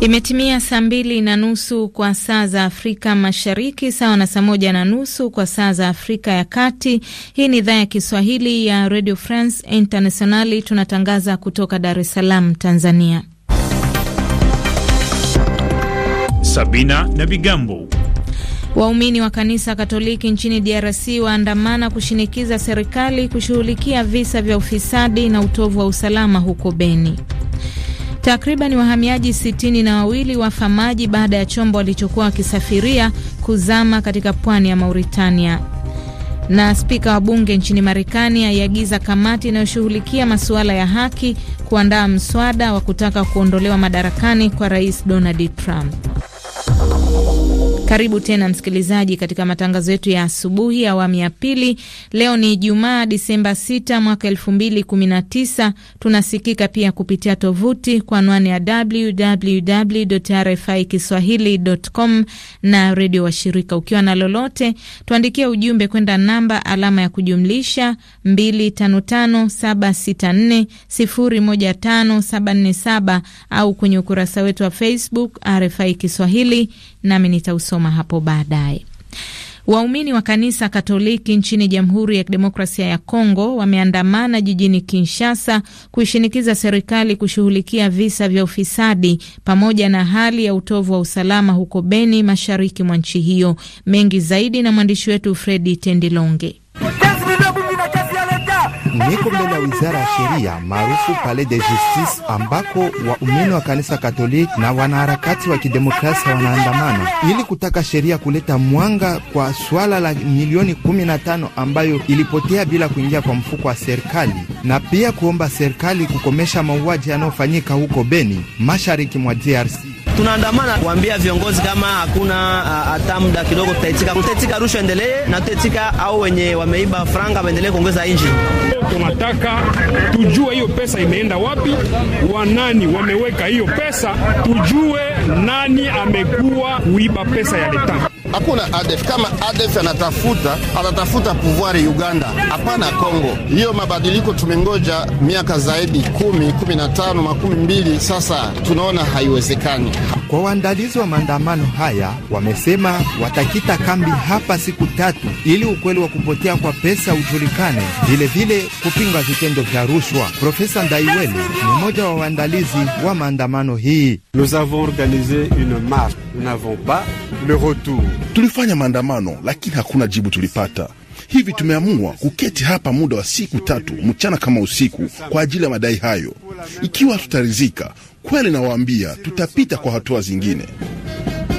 Imetimia saa mbili na nusu kwa saa za Afrika Mashariki, sawa na saa moja na nusu kwa saa za Afrika ya Kati. Hii ni idhaa ya Kiswahili ya Radio France Internationali, tunatangaza kutoka Dar es Salaam, Tanzania. Sabina na Vigambo. Waumini wa kanisa Katoliki nchini DRC waandamana kushinikiza serikali kushughulikia visa vya ufisadi na utovu wa usalama huko Beni. Takriban wahamiaji sitini na wawili wafa maji baada ya chombo walichokuwa wakisafiria kuzama katika pwani ya Mauritania. Na spika wa bunge nchini Marekani aiagiza kamati inayoshughulikia masuala ya haki kuandaa mswada wa kutaka kuondolewa madarakani kwa Rais Donald Trump. Karibu tena msikilizaji, katika matangazo yetu ya asubuhi awamu ya pili. Leo ni Jumaa, Disemba 6 mwaka 2019. Tunasikika pia kupitia tovuti kwa anwani ya www RFI kiswahili.com na redio washirika. Ukiwa na lolote, tuandikia ujumbe kwenda namba alama ya kujumlisha 255764015747 au kwenye ukurasa wetu wa Facebook RFI Kiswahili nami nitausoma hapo baadaye. Waumini wa kanisa Katoliki nchini Jamhuri ya Kidemokrasia ya Kongo wameandamana jijini Kinshasa kuishinikiza serikali kushughulikia visa vya ufisadi pamoja na hali ya utovu wa usalama huko Beni, mashariki mwa nchi hiyo. Mengi zaidi na mwandishi wetu Fredi Tendilonge niko mbele ya wizara ya sheria maarufu Palais de Justice, ambako waumini wa kanisa Katoliki na wanaharakati wa kidemokrasia wanaandamana ili kutaka sheria kuleta mwanga kwa swala la milioni 15 ambayo ilipotea bila kuingia kwa mfuko wa serikali na pia kuomba serikali kukomesha mauaji yanayofanyika huko Beni, mashariki mwa DRC tunaandamana kuambia viongozi kama hakuna hata muda kidogo, tutaitika tutaitika, rushwa endelee na tutaitika au wenye wameiba franga waendelee kuongeza inji. Tunataka tujue hiyo pesa imeenda wapi, wanani wameweka hiyo pesa, tujue nani amekuwa kuiba pesa ya leta. Hakuna ADF. Kama ADF anatafuta atatafuta puvwari Uganda, hapana Kongo. Hiyo mabadiliko tumengoja miaka zaidi kumi, kumi na tano, makumi mbili, sasa tunaona haiwezekani. Kwa waandalizi wa maandamano haya wamesema watakita kambi hapa siku tatu ili ukweli wa kupotea kwa pesa ujulikane, vilevile kupinga vitendo vya rushwa. Profesa Ndaiwele ni mmoja wa waandalizi wa maandamano hii. Nous avons une marche. Nous n'avons pas le retour. Tulifanya maandamano lakini hakuna jibu tulipata. Hivi tumeamua kuketi hapa muda wa siku tatu mchana kama usiku kwa ajili ya madai hayo. Ikiwa tutarizika kweli, nawaambia tutapita kwa hatua zingine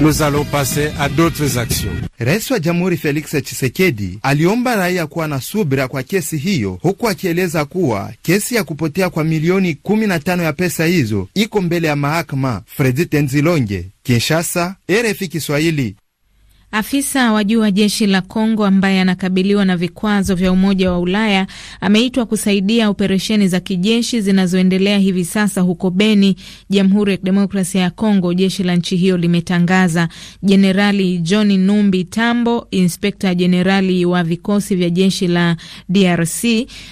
nous allons passer à d'autres actions. Rais wa Jamhuri Felix Tshisekedi aliomba raia kuwa na subira kwa kesi hiyo, huku akieleza kuwa kesi ya kupotea kwa milioni 15 ya pesa hizo iko mbele ya mahakama. Fredi Tenzilonge, Kinshasa, RFI Kiswahili. Afisa wa juu wa jeshi la Kongo ambaye anakabiliwa na vikwazo vya Umoja wa Ulaya ameitwa kusaidia operesheni za kijeshi zinazoendelea hivi sasa huko Beni, Jamhuri ya Kidemokrasia ya Kongo, jeshi la nchi hiyo limetangaza. Jenerali John Numbi Tambo, inspekta jenerali wa vikosi vya jeshi la DRC,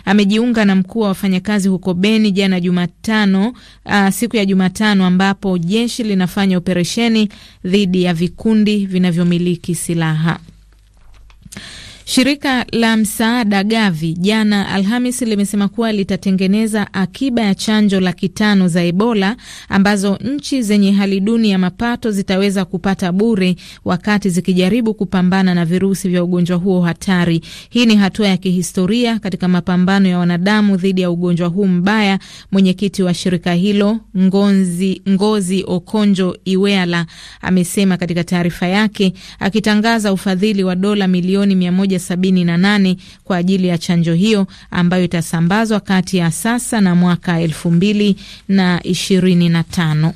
amejiunga na mkuu wa wafanyakazi huko Beni jana Jumatano, uh, siku ya Jumatano ambapo jeshi linafanya operesheni dhidi ya vikundi vinavyomiliki kisilaha. Shirika la msaada Gavi jana Alhamis limesema kuwa litatengeneza akiba ya chanjo laki tano za Ebola ambazo nchi zenye hali duni ya mapato zitaweza kupata bure wakati zikijaribu kupambana na virusi vya ugonjwa huo hatari. Hii ni hatua ya kihistoria katika mapambano ya wanadamu dhidi ya ugonjwa huu mbaya, mwenyekiti wa shirika hilo Ngozi, Ngozi Okonjo Iweala amesema katika taarifa yake akitangaza ufadhili wa dola milioni mia moja nane kwa ajili ya chanjo hiyo ambayo itasambazwa kati ya sasa na mwaka tano.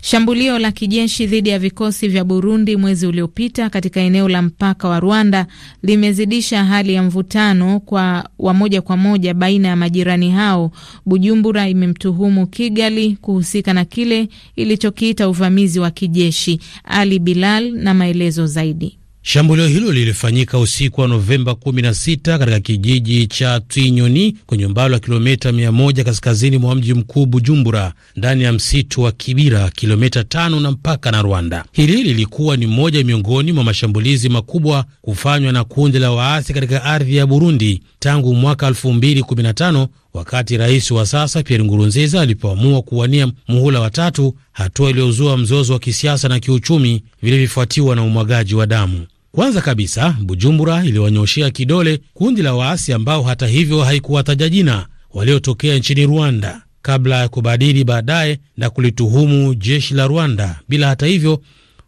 Shambulio la kijeshi dhidi ya vikosi vya Burundi mwezi uliopita katika eneo la mpaka wa Rwanda limezidisha hali ya mvutano kwa wa moja kwa moja baina ya majirani hao. Bujumbura imemtuhumu Kigali kuhusika na kile ilichokiita uvamizi wa kijeshi. Ali Bilal na maelezo zaidi. Shambulio hilo lilifanyika usiku wa Novemba 16 katika kijiji cha Twinyoni kwenye umbali wa kilomita 100 kaskazini mwa mji mkuu Bujumbura, ndani ya msitu wa Kibira, kilomita 5 na mpaka na Rwanda. Hili lilikuwa ni moja miongoni mwa mashambulizi makubwa kufanywa na kundi la waasi katika ardhi ya Burundi tangu mwaka 2015 wakati rais wa sasa Pierre Ngurunziza alipoamua kuwania muhula wa tatu, hatua iliyozua mzozo wa kisiasa na kiuchumi vilivyofuatiwa na umwagaji wa damu. Kwanza kabisa, Bujumbura iliwanyoshea kidole kundi la waasi ambao hata hivyo haikuwataja jina, waliotokea nchini Rwanda kabla ya kubadili baadaye na kulituhumu jeshi la Rwanda bila hata hivyo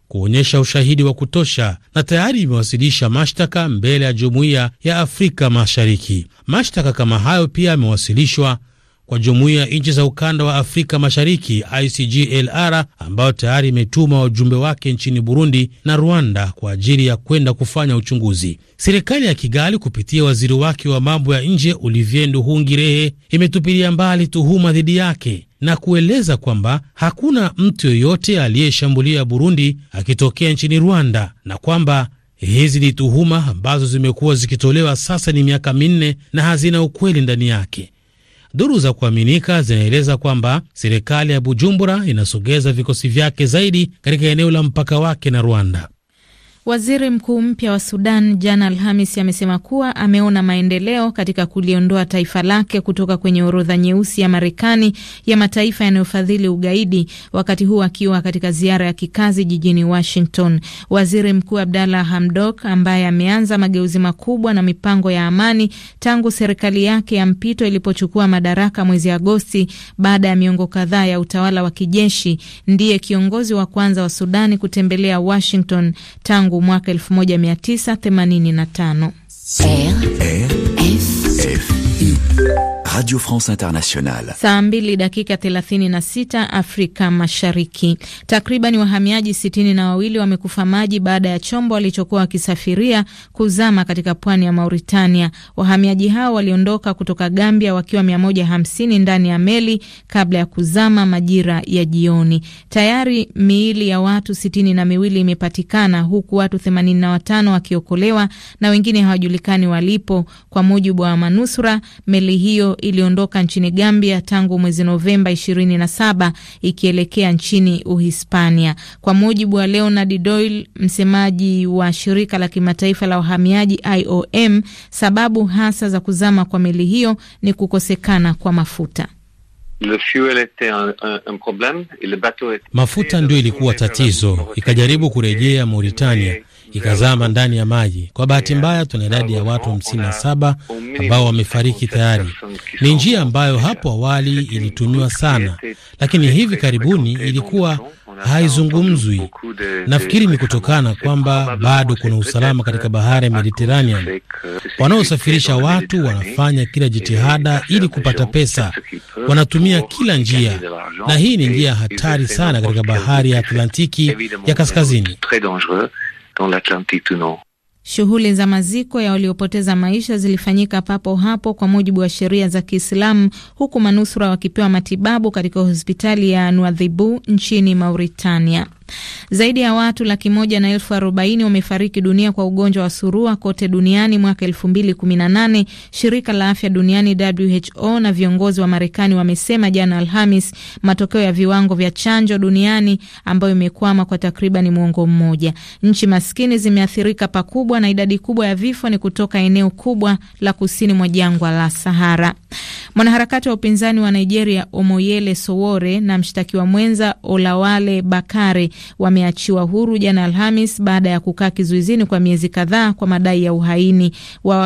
kuonyesha ushahidi wa kutosha, na tayari imewasilisha mashtaka mbele ya jumuiya ya Afrika Mashariki. Mashtaka kama hayo pia yamewasilishwa kwa jumuiya ya nchi za ukanda wa Afrika Mashariki ICGLR ambayo tayari imetuma wajumbe wake nchini Burundi na Rwanda kwa ajili ya kwenda kufanya uchunguzi. Serikali ya Kigali kupitia waziri wake wa mambo ya nje Olivier Nduhungirehe imetupilia mbali tuhuma dhidi yake na kueleza kwamba hakuna mtu yoyote aliyeshambulia Burundi akitokea nchini Rwanda na kwamba hizi ni tuhuma ambazo zimekuwa zikitolewa sasa ni miaka minne na hazina ukweli ndani yake. Duru za kuaminika zinaeleza kwamba serikali ya Bujumbura inasogeza vikosi vyake zaidi katika eneo la mpaka wake na Rwanda. Waziri mkuu mpya wa Sudan jana Alhamis amesema kuwa ameona maendeleo katika kuliondoa taifa lake kutoka kwenye orodha nyeusi ya Marekani ya mataifa yanayofadhili ugaidi, wakati huu akiwa katika ziara ya kikazi jijini Washington. Waziri Mkuu Abdalla Hamdok, ambaye ameanza mageuzi makubwa na mipango ya amani tangu serikali yake ya mpito ilipochukua madaraka mwezi Agosti baada ya miongo kadhaa ya utawala wa kijeshi, ndiye kiongozi wa kwanza wa Sudani kutembelea Washington tangu tangu mwaka 1985. Radio France Internationale. Saa mbili dakika 36 Afrika Mashariki. Takriban wahamiaji sitini na wawili wamekufa maji baada ya chombo walichokuwa wakisafiria kuzama katika pwani ya Mauritania. Wahamiaji hao waliondoka kutoka Gambia wakiwa 150 ndani ya meli kabla ya kuzama majira ya jioni. Tayari miili ya watu sitini na miwili imepatikana huku watu 85 wakiokolewa na wengine hawajulikani walipo, kwa mujibu wa manusura meli hiyo iliondoka nchini Gambia tangu mwezi Novemba 27 ikielekea nchini Uhispania, kwa mujibu wa Leonard Doyle, msemaji wa shirika la kimataifa la wahamiaji IOM. Sababu hasa za kuzama kwa meli hiyo ni kukosekana kwa mafuta. Mafuta ndio ilikuwa tatizo, ikajaribu kurejea Mauritania ikazama ndani ya maji. Kwa bahati mbaya, tuna idadi ya watu hamsini na saba ambao wamefariki tayari. Ni njia ambayo hapo awali ilitumiwa sana, lakini hivi karibuni ilikuwa haizungumzwi. Nafikiri ni kutokana kwamba bado kuna usalama katika bahari ya Mediterranean. Wanaosafirisha watu wanafanya kila jitihada ili kupata pesa, wanatumia kila njia, na hii ni njia hatari sana katika bahari ya Atlantiki ya kaskazini dans l'Atlantique du Nord. Shughuli za maziko ya waliopoteza maisha zilifanyika papo hapo kwa mujibu wa sheria za Kiislamu, huku manusura wakipewa matibabu katika hospitali ya Nuadhibu nchini Mauritania. Zaidi ya watu laki moja na elfu arobaini wamefariki dunia kwa ugonjwa wa surua kote duniani mwaka elfu mbili kumi na nane, shirika la afya duniani WHO na viongozi wa Marekani wamesema jana Alhamis, matokeo ya viwango vya chanjo duniani ambayo imekwama kwa takriban mwongo mmoja. Nchi maskini zimeathirika pakubwa na idadi kubwa ya vifo ni kutoka eneo kubwa la kusini mwa jangwa la Sahara. Mwanaharakati wa upinzani wa Nigeria Omoyele Sowore na mshtakiwa mwenza Olawale Bakare wameachiwa huru jana Alhamis baada ya kukaa kizuizini kwa miezi kadhaa kwa madai ya uhaini.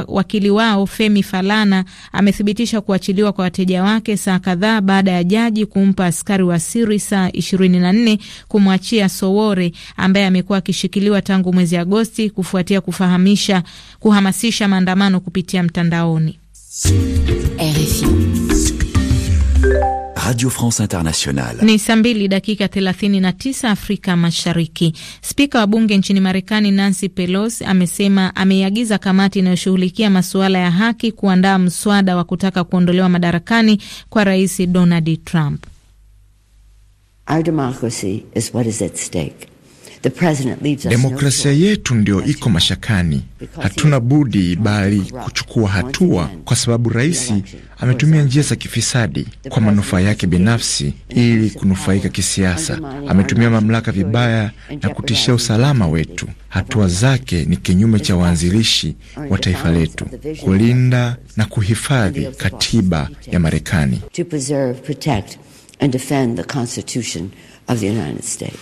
Wakili wao Femi Falana amethibitisha kuachiliwa kwa wateja wake saa kadhaa baada ya jaji kumpa askari wa siri saa nne kumwachia Sowore ambaye amekuwa akishikiliwa tangu mwezi Agosti kufuatia kufahamisha kuhamasisha maandamano kupitia mtandaoni. RFI. Radio France Internationale. Ni saa mbili dakika 39 Afrika Mashariki. Spika wa bunge nchini Marekani Nancy Pelosi amesema ameiagiza kamati inayoshughulikia masuala ya haki kuandaa mswada wa kutaka kuondolewa madarakani kwa Rais Donald Trump. Our democracy is what is at stake. Demokrasia yetu ndio iko mashakani. Hatuna budi bali kuchukua hatua, kwa sababu rais ametumia njia za kifisadi kwa manufaa yake binafsi ili kunufaika kisiasa. Ametumia mamlaka vibaya na kutishia usalama wetu. Hatua zake ni kinyume cha waanzilishi wa taifa letu, kulinda na kuhifadhi katiba ya Marekani. And defend the Constitution of the United States.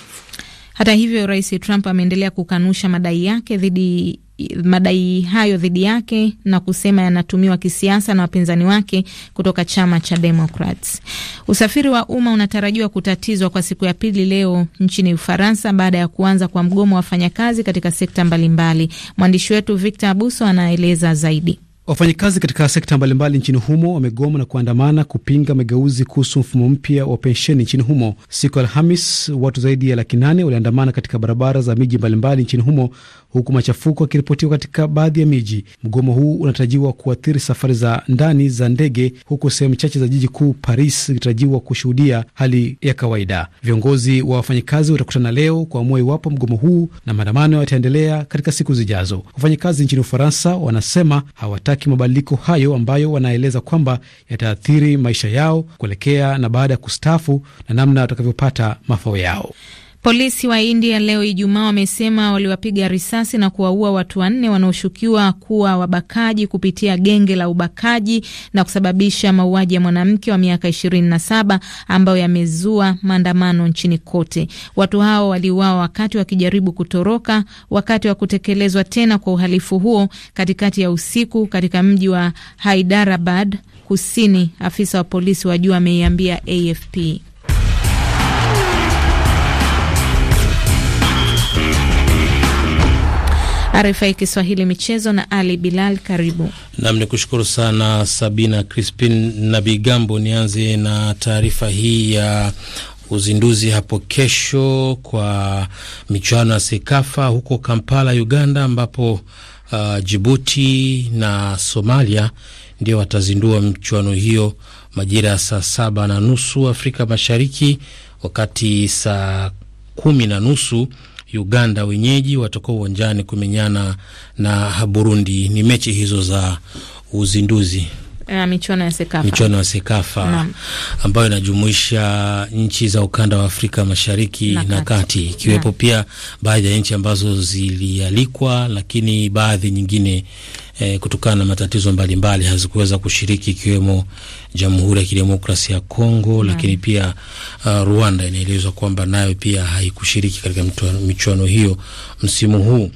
Hata hivyo, Rais Trump ameendelea kukanusha madai yake dhidi madai hayo dhidi yake na kusema yanatumiwa kisiasa na wapinzani wake kutoka chama cha Democrats. Usafiri wa umma unatarajiwa kutatizwa kwa siku ya pili leo nchini Ufaransa baada ya kuanza kwa mgomo wa wafanyakazi katika sekta mbalimbali. Mwandishi wetu Victor Abuso anaeleza zaidi. Wafanyakazi katika sekta mbalimbali nchini humo wamegoma na kuandamana kupinga mageuzi kuhusu mfumo mpya wa pensheni nchini humo. Siku ya Alhamis, watu zaidi ya laki nane waliandamana katika barabara za miji mbalimbali nchini humo huku machafuko yakiripotiwa katika baadhi ya miji. Mgomo huu unatarajiwa kuathiri safari za ndani za ndege, huku sehemu chache za jiji kuu Paris zikitarajiwa kushuhudia hali ya kawaida. Viongozi wa wafanyakazi watakutana leo kuamua iwapo mgomo huu na maandamano yataendelea katika siku zijazo. Wafanyakazi nchini Ufaransa wanasema hawataki mabadiliko hayo ambayo wanaeleza kwamba yataathiri maisha yao kuelekea na baada ya kustaafu na namna watakavyopata mafao yao. Polisi wa India leo Ijumaa wamesema waliwapiga risasi na kuwaua watu wanne wanaoshukiwa kuwa wabakaji kupitia genge la ubakaji na kusababisha mauaji ya mwanamke wa miaka 27 ambayo yamezua maandamano nchini kote. Watu hao waliuawa wakati wakijaribu kutoroka wakati wa kutekelezwa tena kwa uhalifu huo katikati ya usiku katika mji wa Haidarabad Kusini, afisa wa polisi wa juu ameiambia AFP. RFI Kiswahili michezo na Ali Bilal, karibu nam. Ni kushukuru sana Sabina Crispin na Bigambo. Nianze na taarifa hii ya uzinduzi hapo kesho kwa michuano ya Sekafa huko Kampala, Uganda, ambapo uh, Jibuti na Somalia ndio watazindua michuano hiyo majira ya saa saba na nusu Afrika Mashariki, wakati saa kumi na nusu Uganda wenyeji watakuwa uwanjani kumenyana na Burundi. Ni mechi hizo za uzinduzi eh, michuano ya Sekafa, michuano ya Sekafa ambayo inajumuisha nchi za ukanda wa Afrika Mashariki na Kati, ikiwepo pia baadhi ya nchi ambazo zilialikwa, lakini baadhi nyingine e, kutokana na matatizo mbalimbali hazikuweza kushiriki ikiwemo Jamhuri ya Kidemokrasia ya Kongo, lakini pia uh, Rwanda inaelezwa kwamba nayo pia haikushiriki katika michuano hiyo msimu huu.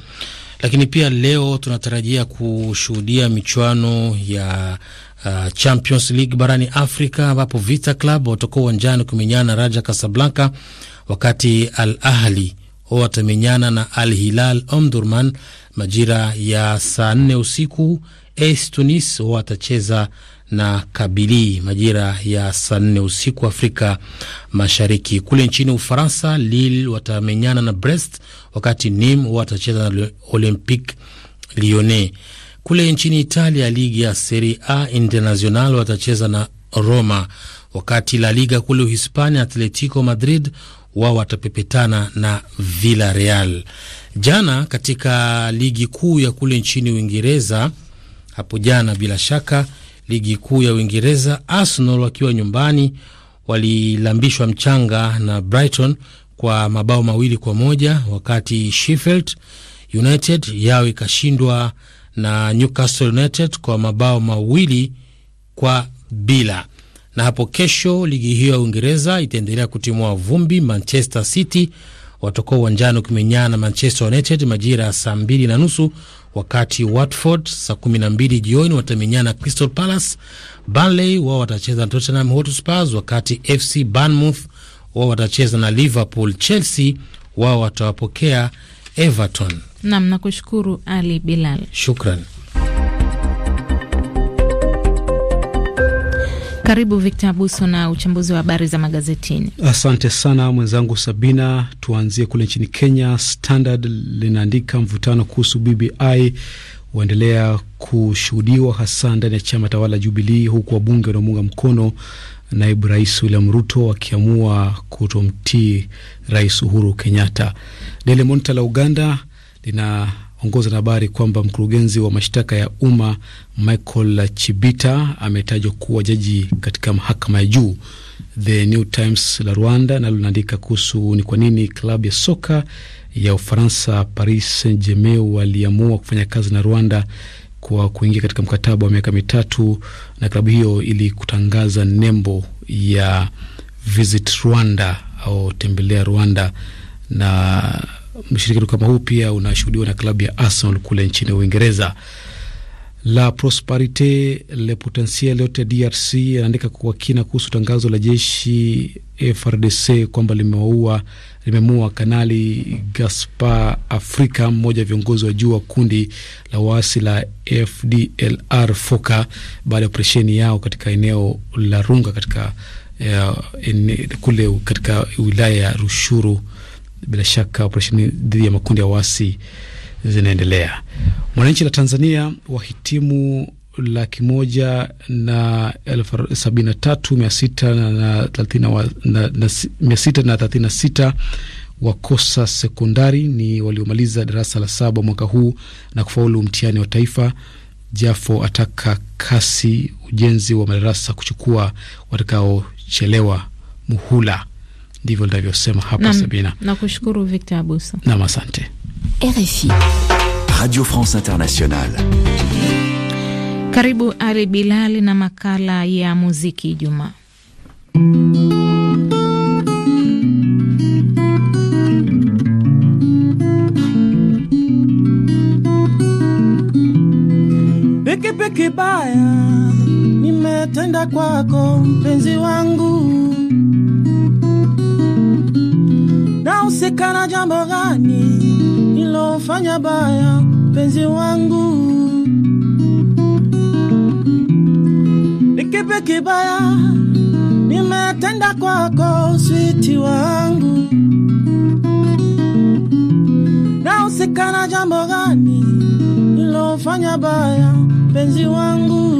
Lakini pia leo tunatarajia kushuhudia michuano ya Uh, Champions League barani Afrika ambapo Vita Club watakuwa uwanjani kumenyana Raja Casablanca, wakati Al Ahli watamenyana na Al Hilal Omdurman majira ya saa nne usiku. AS Tunis watacheza na Kabili majira ya saa nne usiku Afrika Mashariki. Kule nchini Ufaransa, Lille watamenyana na Brest, wakati Nim watacheza na Olympique Lyonnais. Kule nchini Italia, ligi ya Serie A Internazional watacheza na Roma, wakati La Liga kule Uhispania, Atletico Madrid wao watapepetana na Villarreal. Jana katika ligi kuu ya kule nchini Uingereza, hapo jana bila shaka, ligi kuu ya Uingereza, Arsenal wakiwa nyumbani walilambishwa mchanga na Brighton kwa mabao mawili kwa moja, wakati Sheffield United yao ikashindwa na Newcastle United kwa mabao mawili kwa bila. Na hapo kesho ligi hiyo ya Uingereza itaendelea kutimua vumbi. Manchester City watakuwa uwanjani kumenyana na Manchester United majira ya saa mbili na nusu wakati Watford saa kumi na mbili jioni watamenyana Crystal Palace. Burnley wao watacheza na Tottenham hotspars wakati FC Bournemouth wao watacheza na Liverpool. Chelsea wao watawapokea Everton. Nam, nakushukuru Ali Bilal, shukran. Karibu Victor Abuso na uchambuzi wa habari za magazetini. Asante sana mwenzangu Sabina. Tuanzie kule nchini Kenya. Standard linaandika mvutano kuhusu BBI waendelea kushuhudiwa hasa ndani ya chama tawala Jubilii, huku wabunge wanaomuunga mkono naibu rais William Ruto akiamua kutomtii rais Uhuru Kenyatta. Daily Monitor la Uganda lina ongoza na habari kwamba mkurugenzi wa mashtaka ya umma Michael Chibita ametajwa kuwa jaji katika mahakama ya juu. The New Times la Rwanda nalo linaandika kuhusu ni kwa nini klabu ya soka ya Ufaransa Paris Saint Germain waliamua kufanya kazi na Rwanda kwa kuingia katika mkataba wa miaka mitatu na klabu hiyo ili kutangaza nembo ya Visit Rwanda au tembelea Rwanda na mshirikino kama huu pia unashuhudiwa na klabu ya Arsenal kule nchini Uingereza. La Prosperite Le Potentiel yote DRC anaandika kwa kina kuhusu tangazo la jeshi FRDC kwamba limewaua limemua Kanali Gaspar Afrika, mmoja wa viongozi wa juu wa kundi la waasi la FDLR Foka, baada ya operesheni yao katika eneo la Runga katika, uh, ene, kule katika wilaya ya Rushuru bila shaka operesheni dhidi ya makundi ya waasi zinaendelea. Mwananchi la Tanzania wahitimu laki moja na elfu sabini na tatu mia sita na thelathini na sita wakosa sekondari ni waliomaliza darasa la saba mwaka huu na kufaulu mtihani wa taifa. Jafo ataka kasi ujenzi wa madarasa kuchukua watakaochelewa muhula ndivyo ndavyosema hapa Sabina. Nakushukuru Victor Abusa. Nam, asante. RFI Radio France Internationale. Karibu Ali Bilali na makala ya muziki Ijumaa. Pikipiki baya nimetenda kwako mpenzi wangu naosekana jambo gani nilofanya baya penzi wangu nikipe kibaya nimetenda kwako switi wangu usikana jambo gani nilofanya baya penzi wangu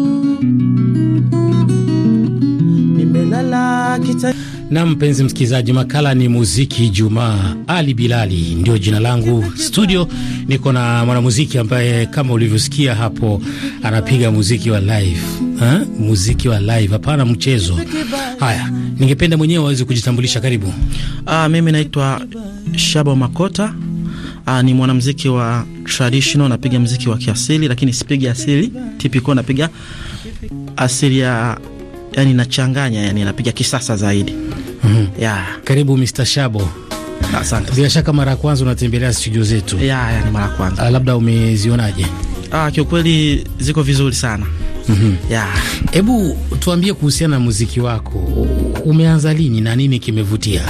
nimelala kita na mpenzi msikilizaji, makala ni muziki Jumaa. Ali Bilali ndio jina langu. Studio niko na mwanamuziki ambaye kama ulivyosikia hapo anapiga muziki wa live ha? muziki wa live, hapana mchezo. Haya, ningependa mwenyewe waweze kujitambulisha. Karibu. Aa, ah, mimi naitwa Shabo Makota. Aa, ah, ni mwanamuziki wa traditional, napiga muziki wa kiasili, lakini sipigi asili tipiko, napiga asili ya yani nachanganya, yani napiga kisasa zaidi. mm -hmm. yeah. Karibu Mr. Shabo. Asante. Bila shaka mara ya kwanza unatembelea studio zetu? yeah, yeah, ni mara ya kwanza. Ah, labda umezionaje? Ah, kiukweli ziko vizuri sana. Mm -hmm. Yeah. Hebu tuambie kuhusiana na muziki wako, umeanza lini na nini kimevutia?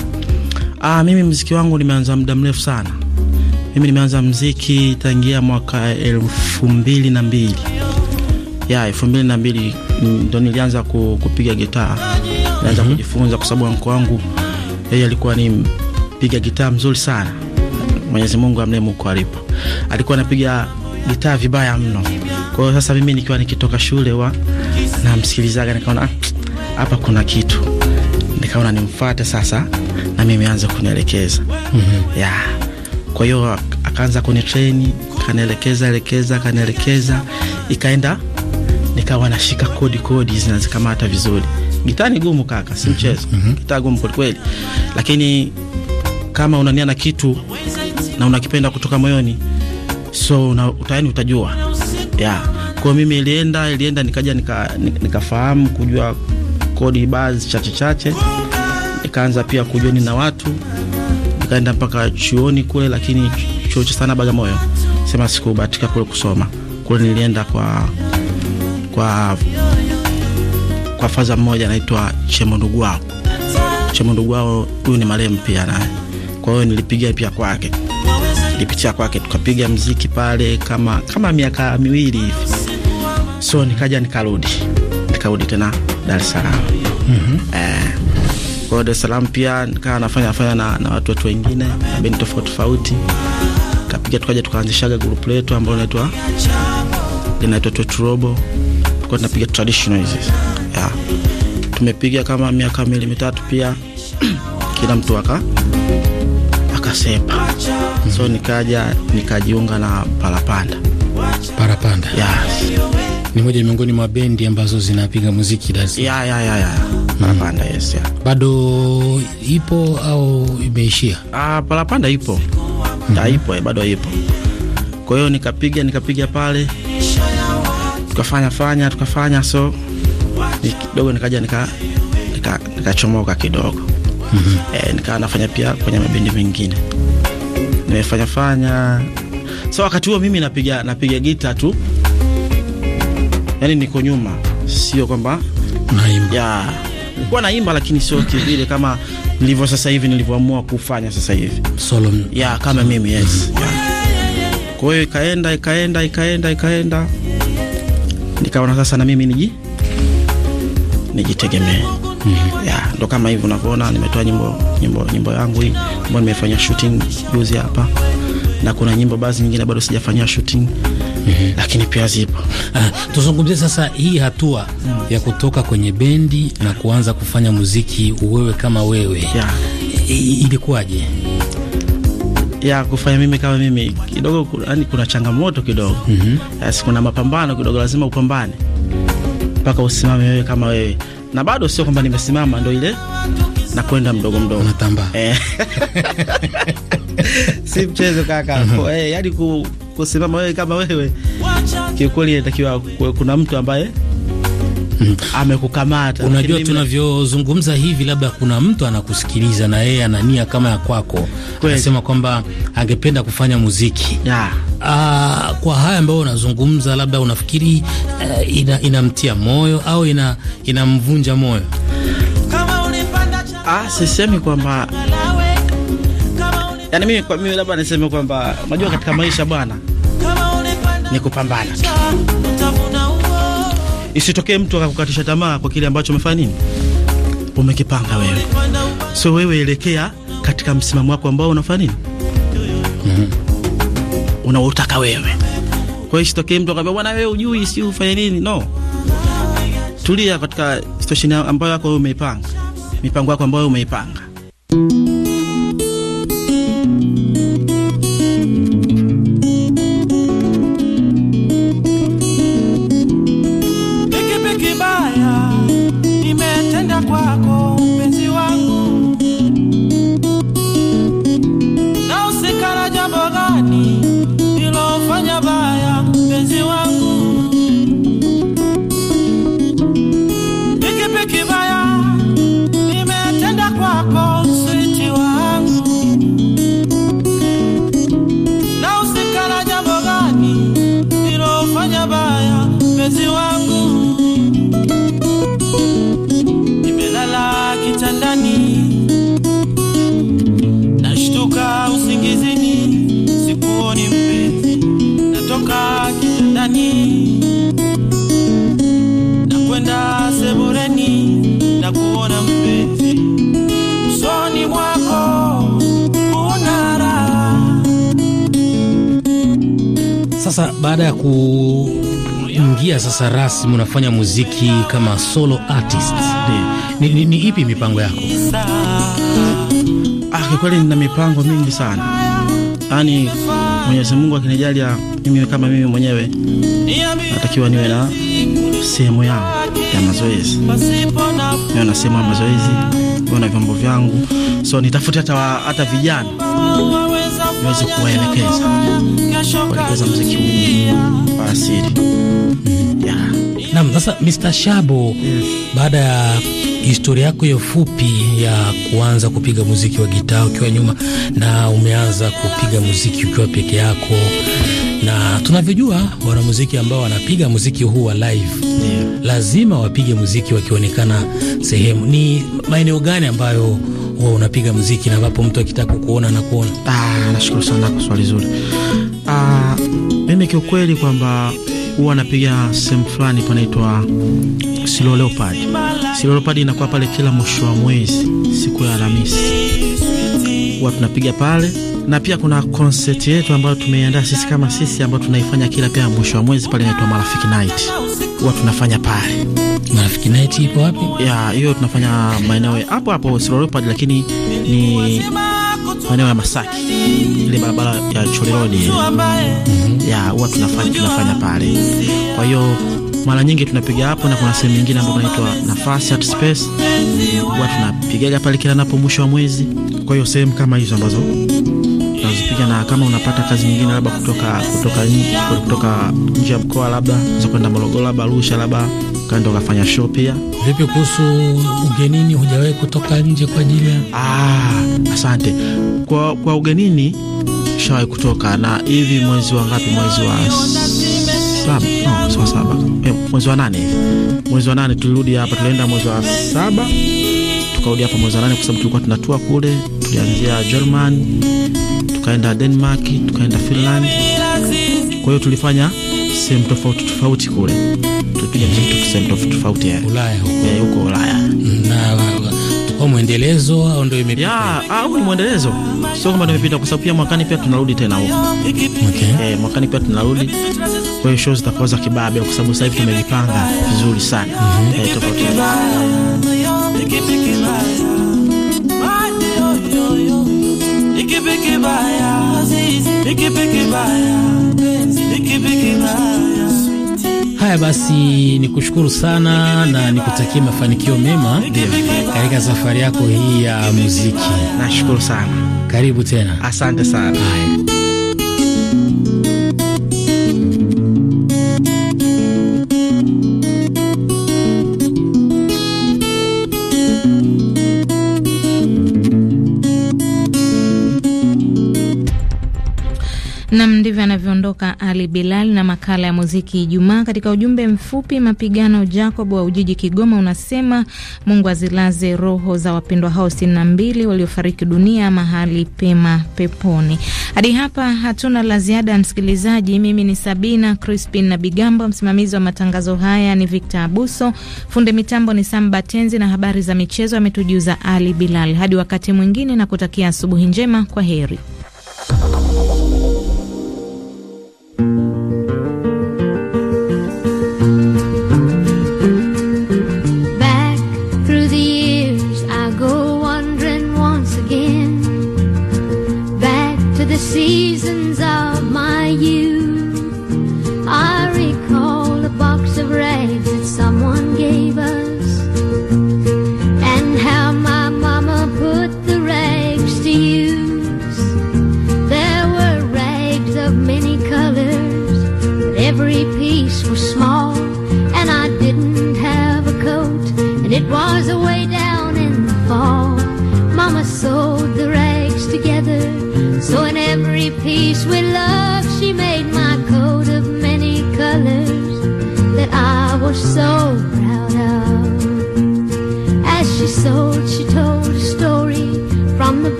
Ah, mimi muziki wangu nimeanza muda mrefu sana. Mimi nimeanza muziki tangia mwaka elfu mbili na mbili. Yeah, elfu mbili na mbili ndo nilianza kupiga gitaa nilianza mm -hmm. kujifunza, kwa sababu anko wangu yeye alikuwa ni mpiga gitaa mzuri sana, Mwenyezi Mungu amrehemu huko alipo, alikuwa anapiga gitaa vibaya mno. Kwa hiyo sasa mimi nikiwa nikitoka shule wa namsikilizaga, nikaona ah, hapa kuna kitu, nikaona nimfuate sasa, na mimi anza kunielekeza mm -hmm. yeah. kwa hiyo akaanza kunitrain, kanielekeza elekeza, kanielekeza ikaenda nikawa nashika kodi kodi zinazikamata vizuri. Gitaa ni gumu kaka, si mchezo. mm -hmm. Gitaa gumu kwelikweli, lakini kama unania na kitu na unakipenda kutoka moyoni, so una, utayani utajua yeah. Kwa mimi ilienda ilienda, nikaja nikafahamu nika kujua kodi baadhi chache chache, nikaanza pia kujoni na watu, nikaenda mpaka chuoni kule, lakini chuo cha sana Bagamoyo, sema sikubatika kule kusoma kule, nilienda kwa kwa, kwa faza mmoja anaitwa Chemundugwao. Chemundugwao huyu ni marehemu pia naye, kwa hiyo nilipiga pia kwake, nilipitia kwake, tukapiga mziki pale kama, kama miaka miwili hivi, so nikaja nikarudi, nikarudi tena Dar es Salaam. mm -hmm. eh, kwa Dar es Salaam pia nikaa nafanya fanya na, na watu watu wengine na bendi tofauti tofauti kapiga, tukaja tukaanzishaga grupu letu ambalo linaitwa linaitwa Teturobo tulikuwa tunapiga traditional hizi yeah. Tumepiga kama miaka miwili mitatu pia kila mtu aka akasepa mm. So nikaja nikajiunga na parapanda. Parapanda yes. Ni moja miongoni mwa bendi ambazo zinapiga muziki Ya ya ya ya. Mm. Parapanda mm. Yes ya. Bado ipo au imeishia? Ah, parapanda ipo. Mm -hmm. ya, ipo, eh, bado ipo. Kwa hiyo nikapiga nikapiga pale tukafanya fanya tukafanya, so kidogo nikaja nikachomoka nika, nika kidogo mm -hmm. E, eh, nikawa nafanya pia kwenye mabendi mengine nimefanyafanya, so wakati huo mimi napiga napiga gita tu, yani niko nyuma, sio kwamba naimba ya naimba, lakini sio kivile kama nilivyo sasa hivi nilivyoamua kufanya sasa hivi solo ya kama mimi yes. Kwa hiyo ikaenda ikaenda ikaenda ikaenda nikaona sasa na mimi niji nijitegemee. Mm -hmm. Ya, ndo kama hivi unavyoona nimetoa nyimbo nyimbo nyimbo yangu hii ambayo nimefanya shooting juzi hapa, na kuna nyimbo baadhi nyingine bado sijafanyia shooting mm -hmm. Lakini pia zipo. Ah, tuzungumzie sasa hii hatua mm -hmm. ya kutoka kwenye bendi na kuanza kufanya muziki wewe kama wewe. Yeah. Ilikuwaje? ya kufanya mimi kama mimi kidogo, yani kuna changamoto kidogo mm -hmm. Yes, kuna mapambano kidogo, lazima upambane mpaka usimame wewe kama wewe, na bado sio kwamba nimesimama ndo ile na kwenda mdogo mdogo natamba eh. si mchezo kaka mm -hmm. Eh, yani kusimama wewe kama wewe kiukweli, inatakiwa kuna mtu ambaye mm. amekukamata. Unajua, tunavyozungumza hivi, labda kuna mtu anakusikiliza na yeye anania kama ya kwako, anasema kwamba angependa kufanya muziki yeah. Aa, kwa haya ambayo unazungumza, labda unafikiri uh, ina, inamtia moyo au ina inamvunja moyo? Ah, sisemi kwamba yani mimi, kwa mimi labda niseme kwamba unajua katika maisha bwana ni kupambana Isitokee mtu akakukatisha tamaa kwa kile ambacho umefanya nini, umekipanga wewe. So wewe elekea katika msimamo wako ambao unafanya nini, mm -hmm. unaotaka wewe. Kwa hiyo isitokee mtu akakwambia bwana, wewe ujui si ufanye nini. No, tulia katika situation ambayo yako wewe umeipanga, mipango yako ambayo umeipanga sasa rasmi unafanya muziki kama solo artist, eh, ni, ni, ni ipi mipango yako? Ah, kweli nina mipango mingi sana, yaani Mwenyezi Mungu akinijalia mimi kama mimi mwenyewe natakiwa niwe na sehemu yangu ya mazoezi, niwe na sehemu ya mazoezi, niwe na vyombo vyangu, so nitafute hata hata vijana niweze kuwaelekeza kuelekeza muziki huu wa asili. Naam, sasa Mr. Shabo, yes. Baada ya historia yako hiyo fupi ya kuanza kupiga muziki wa gitaa ukiwa nyuma na umeanza kupiga muziki ukiwa peke yako, na tunavyojua wanamuziki ambao wanapiga muziki huu wa live yeah. lazima wapige muziki wakionekana sehemu. Ni maeneo gani ambayo huwa unapiga muziki na ambapo mtu akitaka kukuona na kuona? Ah, nashukuru sana kwa swali zuri. Ah, mimi kiukweli kwamba huwa anapiga sehemu fulani panaitwa Silo Leopard inakuwa pale kila mwisho wa mwezi siku ya Alhamisi huwa tunapiga pale, na pia kuna concert yetu ambayo tumeiandaa sisi kama sisi ambayo tunaifanya kila pia mwisho wa mwezi pale, inaitwa Marafiki Night huwa tunafanya pale. Marafiki Night ipo wapi? Ya, hiyo tunafanya maeneo hapo hapo Leopard, lakini ni maeneo ya Masaki, ile barabara ya Choleroni mhm. ya huwa tunafanya tunafanya pale. Kwa hiyo mara nyingi tunapiga hapo, na kuna sehemu nyingine ambayo inaitwa nafasi at space, huwa tunapigaga pale kila napo mwisho wa mwezi. Kwa hiyo sehemu kama hizo ambazo tunazipiga, na kama unapata kazi nyingine labda kutoka kutoka nje ya mkoa, labda za kwenda Morogoro, labda Arusha, labda ukaenda ukafanya show pia. Vipi kuhusu ugenini, hujawahi kutoka nje kwa ajili ya? Ah, asante kwa, kwa ugenini shawahi kutoka na hivi mwezi wa ngapi? Mwezi wa saba, no, saba. E, mwezi wa nane mwezi wa nane tulirudi hapa, tulienda mwezi wa saba tukarudi hapa mwezi wa nane kwa sababu tulikuwa tunatua kule, tulianzia German tukaenda Denmark tukaenda Finland, kwa hiyo tulifanya sehemu tofauti tofauti kule wanapiga mziki sehemu tofauti tofauti Ulaya huko huko Ulaya Na au mwendelezo au ndio imepita? Ya, au ah, ni mwendelezo. Sio kama imepita kwa sababu pia mwakani pia tunarudi tena huko. Okay. Eh, mwakani pia tunarudi. Kwa hiyo show zitakuwa za kibabe kwa sababu sasa hivi tumejipanga vizuri sana. Mm -hmm. Eh, tofauti. Ikipiki baya, ikipiki baya, ikipiki baya. Haya basi, ni kushukuru sana na nikutakie mafanikio mema katika safari yako hii ya muziki. Nashukuru sana, karibu tena, asante sana. Haya. Nam, ndivyo anavyoondoka Ali Bilal na makala ya muziki Ijumaa. Katika ujumbe mfupi, mapigano Jacob wa Ujiji, Kigoma, unasema Mungu azilaze roho za wapendwa hao sitini na mbili waliofariki dunia mahali pema peponi. Hadi hapa hatuna la ziada ya msikilizaji. Mimi ni Sabina Crispin na Bigambo, msimamizi wa matangazo haya ni Victor Abuso, funde mitambo ni Sam Batenzi na habari za michezo ametujuza Ali Bilal. Hadi wakati mwingine, na kutakia asubuhi njema, kwa heri.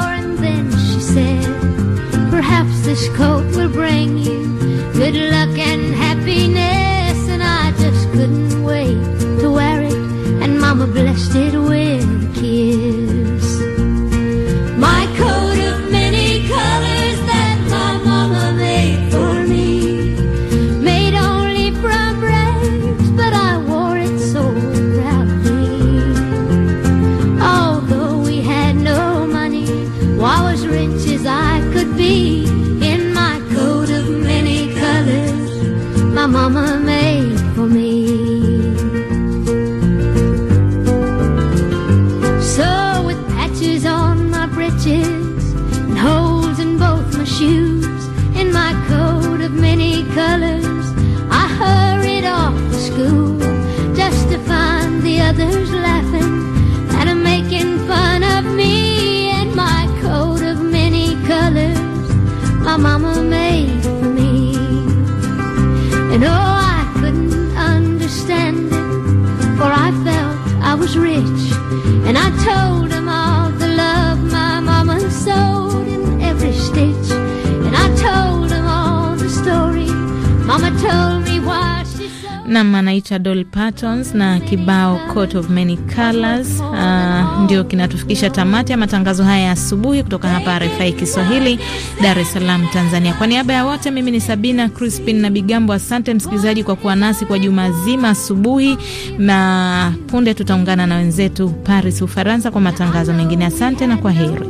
door and then she said, Perhaps this coat will bring you good luck and happiness. And I just couldn't wait to wear it, and Mama blessed it with a kiss. cha Dolly Parton na kibao Coat of Many Colors. Uh, ndio kinatufikisha tamati ya matangazo haya ya asubuhi kutoka hapa RFI Kiswahili, Dar es Salaam, Tanzania. Kwa niaba ya wote, mimi ni Sabina Crispin na Bigambo. Asante msikilizaji kwa kuwa nasi kwa juma zima asubuhi, na punde tutaungana na wenzetu Paris, Ufaransa, kwa matangazo mengine. Asante na kwa heri.